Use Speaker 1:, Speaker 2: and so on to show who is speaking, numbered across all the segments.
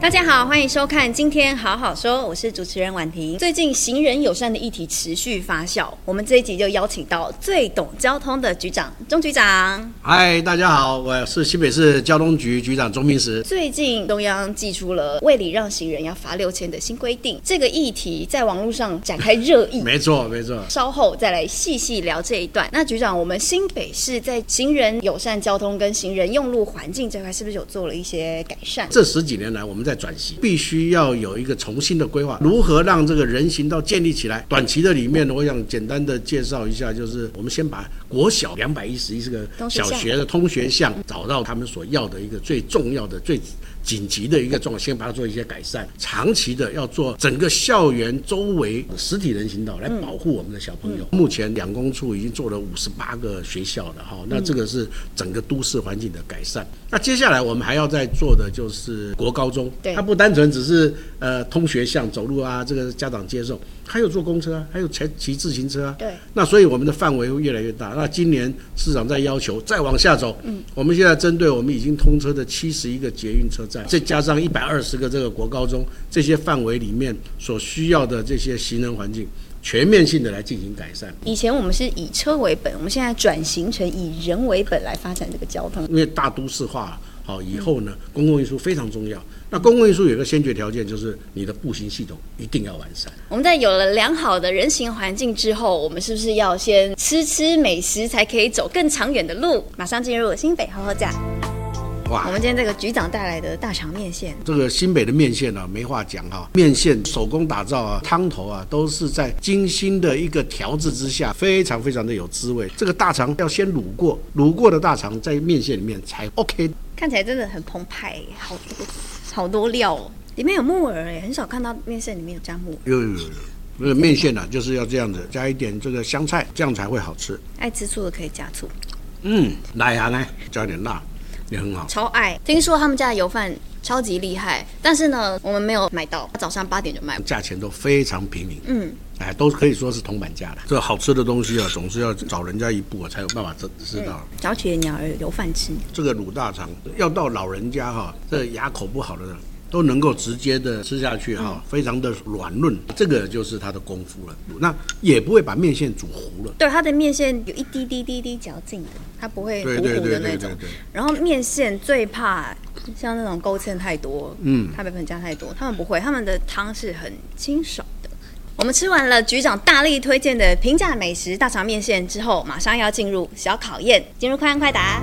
Speaker 1: 大家好，歡迎收看今天好好說，我是主持人婉婷。最近行人友善的議題持續發酵，我們這一集就邀請到最懂交通的局長鍾局長。
Speaker 2: 嗨，大家好，我是新北市交通局局長鍾嗚時。
Speaker 1: 最近中央祭出了未禮讓行人要罰六千的新規定，這個議題在網路上展開熱議。沒錯，
Speaker 2: 沒錯。稍
Speaker 1: 後再來細細聊這一段。那局長，我們新北市在行人友善交通跟行人用路環境這塊，是不是有做了一些改善？這
Speaker 2: 十幾年來，我們在在轉型，必須要有一個重新的規劃，如何讓這個人行道建立起來？短期的裡面，我想簡單的介紹一下，就是我們先把國小兩百一十一這個小學的通學巷找到他們所要的一個最重要的最。緊急的一個狀況，先把它做一些改善。長期的要做整個校園周圍實體人行道來保護我們的小朋友。嗯嗯、目前兩工處已經做了五十八個學校了哈，那這個是整個都市環境的改善。嗯、那接下來我們還要再做的就是國高中，對，它不單純只是呃通學巷走路啊，這個家長接送，還有坐公車、啊，還有騎騎自行車啊。對，那所以我們的範圍會越來越大。那今年市長在要求再往下走，嗯，我們現在針對我們已經通車的七十一個捷運車站。再加上一百二十個這個國高中這些範圍裡面所需要的這些行人環境，全面性的來進行改善。
Speaker 1: 以前我們是以車為本，我們現在轉型成以人為本來發展這個交通。
Speaker 2: 因為大都市化好以後呢，公共運輸非常重要。那公共運輸有個先決條件，就是你的步行系統一定要完
Speaker 1: 善。我們在有了良好的人行環境之後，我們是不是要先吃吃美食才可以走更長遠的路？馬上進入新北厚厚呷。謝謝哇 我們今天這個局長帶來的大腸麵線，
Speaker 2: 這個新北的麵線呢、啊，沒話講哈、啊，麵線手工打造啊，湯頭啊都是在精心的一個調製之下，非常非常的有滋味。這個大腸要先滷過，滷過的大腸在麵線裡面才 OK。
Speaker 1: 看起來真的很澎湃、欸，好多好多料哦、喔，裡面有木耳哎、欸，很少看到麵線裡面有加木
Speaker 2: 耳。有有有，那、嗯、個麵線呢、啊，就是要這樣子，加一點這個香菜，這樣才會好吃。
Speaker 1: 愛吃醋的可以加醋。
Speaker 2: 嗯，辣啊呢，加一點辣。也很好，
Speaker 1: 超愛。聽說他們家的油飯超級厲害，但是呢，我們沒有買到。早上八點就賣，
Speaker 2: 價錢都非常平民，嗯，哎，都可以說是銅板價了。這好吃的東西啊，總是要找人家一步啊，才有辦法知道。嗯、早起的鳥兒有飯吃，這個滷大腸要到老人家哈、啊，這個、牙口不好的人。都能夠直接的吃下去哈、哦，非常的軟潤，這個就是它的功夫了。那也不會把麵線煮糊了。
Speaker 1: 對，它的麵線有一滴滴滴滴嚼勁的，它不會糊糊的那種。然後麵線最怕像那種勾芡太多，嗯，他們粉加太多，他們不會，他們的湯是很清爽的。我們吃完了局長大力推薦的平價美食大腸麵線之後，馬上要進入小考驗，進入快問快答。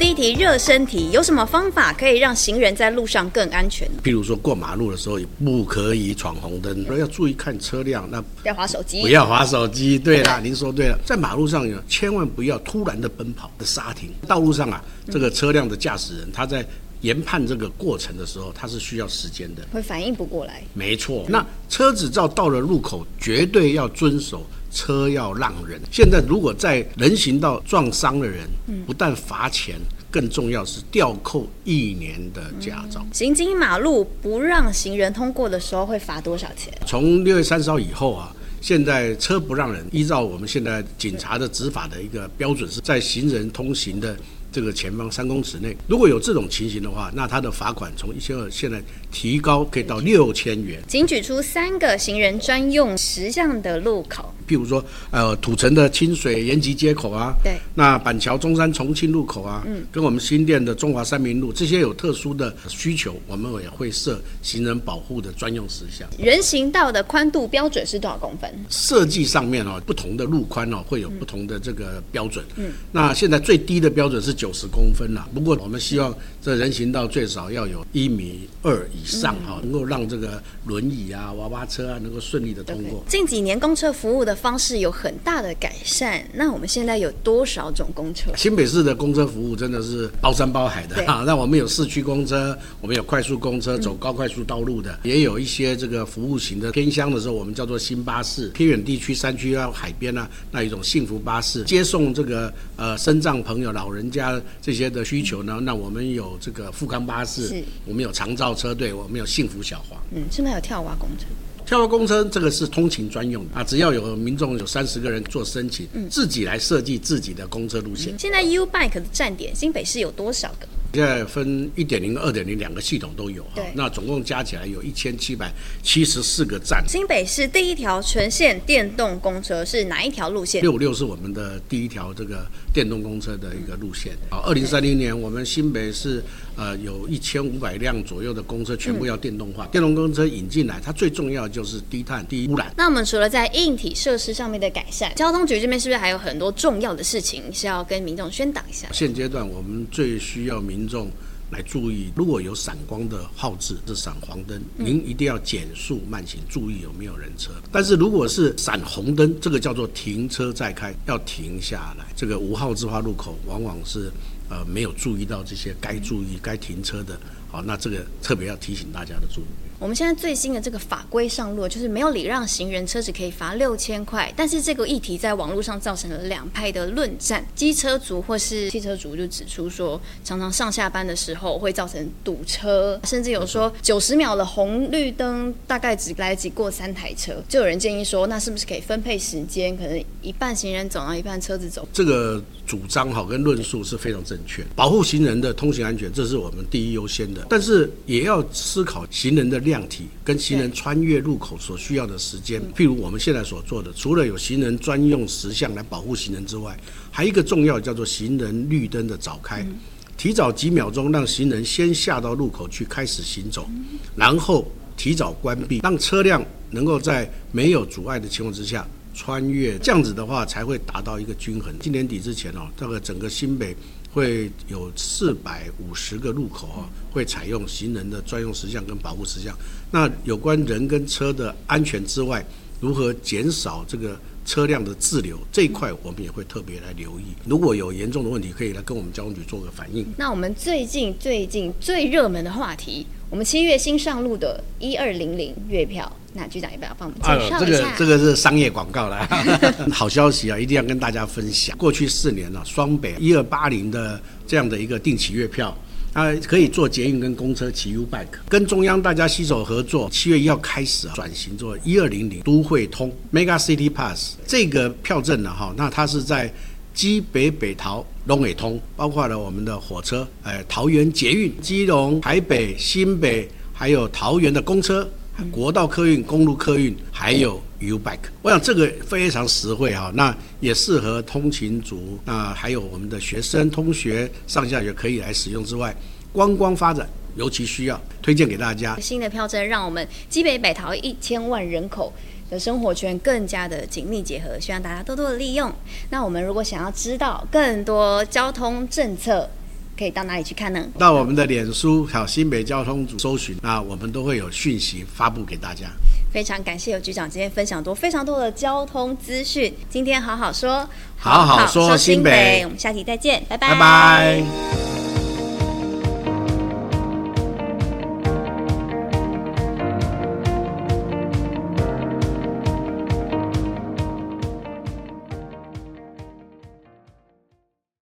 Speaker 1: 第一題熱身題，有什麼方法可以讓行人在路上更安全
Speaker 2: 呢？譬如說過馬路的時候，也不可以闖紅燈，要注意看車輛。那不
Speaker 1: 要滑手機，不要
Speaker 2: 滑手機。對了啦，Okay. 您說對了，在馬路上有千萬不要突然的奔跑，的剎停。道路上啊，這個車輛的駕駛人、嗯、他在研判這個過程的時候，他是需要時間的，
Speaker 1: 會反應不過來。
Speaker 2: 沒錯錯，嗯、那車子到到了路口，絕對要遵守。車要讓人，現在如果在人行道撞傷的人，不但罰錢，更重要是吊扣一年的駕照。
Speaker 1: 行經馬路不讓行人通過的時候會罰多少錢？
Speaker 2: 從六月三十號以後啊，現在車不讓人，依照我們現在警察的執法的一個標準是在行人通行的。這個前方三公尺內，如果有這種情形的話，那他的罰款從一千二現在提高可以到六千元。
Speaker 1: 請舉出三個行人專用時相的路口，
Speaker 2: 譬如說，呃，土城的清水延吉街口啊，對，那板橋中山重慶路口啊，嗯，跟我們新店的中華三民路，這些有特殊的需求，我們也會設行人保護的專用時相。
Speaker 1: 人行道的寬度標準是多少公分？
Speaker 2: 設計上面哦、啊，不同的路寬哦、啊，會有不同的這個標準。嗯，嗯那現在最低的標準是。九十公分了，啊，不過我們希望這人行道最少要有一米二以上哈，嗯，能夠讓這個輪椅啊、娃娃車啊能夠順利的通過對對。近
Speaker 1: 幾年公車服務的方式有很大的改善，那我們現在有多少種公車？新
Speaker 2: 北市的公車服務真的是包山包海的哈對、啊，那我們有市區公車，我們有快速公車走高快速道路的，嗯，也有一些這個服務型的。偏鄉的時候，我們叫做新巴士，偏遠地區、山區、啊，海邊啊，那一種幸福巴士，接送這個呃身障朋友、老人家。這些的需求呢？那我們有這個復康巴士，是我們有長照車隊，我們有幸福小黃，
Speaker 1: 嗯，現在還有跳蛙公車。
Speaker 2: 跳蛙公車這個是通勤專用的啊，只要有民眾有三十個人做申請，嗯、自己來設計自己的公車路線。嗯、現
Speaker 1: 在 U Bike 的站點，新北市有多少個？
Speaker 2: 現在分一點零、二點零兩個系統都有哈，對 那總共加起來有一千七百七十四個站。新
Speaker 1: 北市第一條全線電動公車是哪一條路線？六五六
Speaker 2: 是我們的第一條這個電動公車的一個路線啊。二零三零年，我們新北市。呃，有一千五百輛左右的公車全部要電動化，嗯、電動公車引進來，它最重要就是低碳、低污染。
Speaker 1: 那我們除了在硬體設施上面的改善，交通局這邊是不是還有很多重要的事情是要跟民眾宣導一下？現
Speaker 2: 階段我們最需要民眾來注意，如果有閃光的號誌，是閃黃燈，嗯、您一定要減速慢行，注意有沒有人車。但是如果是閃紅燈，這個叫做停車再開，要停下來。這個無號誌化路口往往是。呃，沒有注意到這些該注意，該停車的，好，那這個特別要提醒大家的注意。
Speaker 1: 我們現在最新的這個法規上路，就是沒有禮讓行人，車子可以罰六千塊。但是這個議題在網絡上造成了兩派的論戰，機車族或是汽車族就指出說，常常上下班的時候會造成堵車，甚至有說九十秒的紅綠燈大概只來得及過三台車。就有人建議說，那是不是可以分配時間，可能一半行人走，然後一半車子走？
Speaker 2: 這個主張哈跟論述是非常正的。安全保護行人的通行安全，這是我們第一優先的。但是也要思考行人的量體跟行人穿越路口所需要的時間。譬如我們現在所做的，除了有行人專用時相來保護行人之外，還有一個重要叫做行人綠燈的早開，提早幾秒鐘讓行人先下到路口去開始行走，然後提早關閉，讓車輛能夠在沒有阻礙的情況之下穿越。這樣子的話才會達到一個均衡。今年底之前哦，這個整個新北，會有四百五十個路口啊，會採用行人的專用時相跟保護時相。那有關人跟車的安全之外，如何減少這個車輛的滯留這一塊，我們也會特別來留意。如果有嚴重的問題，可以來跟我們交通局做個反映。
Speaker 1: 那我們最近最近最熱門的話題，我們七月新上路的“一二零零”月票，那局長要不要幫我們介紹一下？啊、這個這
Speaker 2: 個是商業廣告啦，來 好消息啊，一定要跟大家分享。過去四年呢、啊，雙北“一二八零”的這樣的一個定期月票。呃，可以坐捷運跟公車、騎 YouBike，跟中央大家攜手合作，七月一號開始轉型做1200都會通 Mega City Pass。這個票證呢，哈，那它是在基北北桃攏會通，包括了我們的火車，哎，桃園捷運、基隆、台北、新北，還有桃園的公車。國道客運、公路客運，還有 YouBike，我想這個非常實惠哈、啊。那也適合通勤族，那還有我們的學生通學上下學可以來使用之外，觀光發展尤其需要推薦給大家。
Speaker 1: 新的票證讓我們基北北桃一千萬人口的生活圈更加的緊密結合，希望大家多多的利用。那我們如果想要知道更多交通政策，可以到哪裡去看呢？
Speaker 2: 到我們的臉書“還有新北交通族”搜尋，那我們都會有訊息發布給大家。
Speaker 1: 非常感謝有局長今天分享多非常多的交通資訊。今天好好說，好好說好好北新北，我們下期再見，拜拜，拜拜。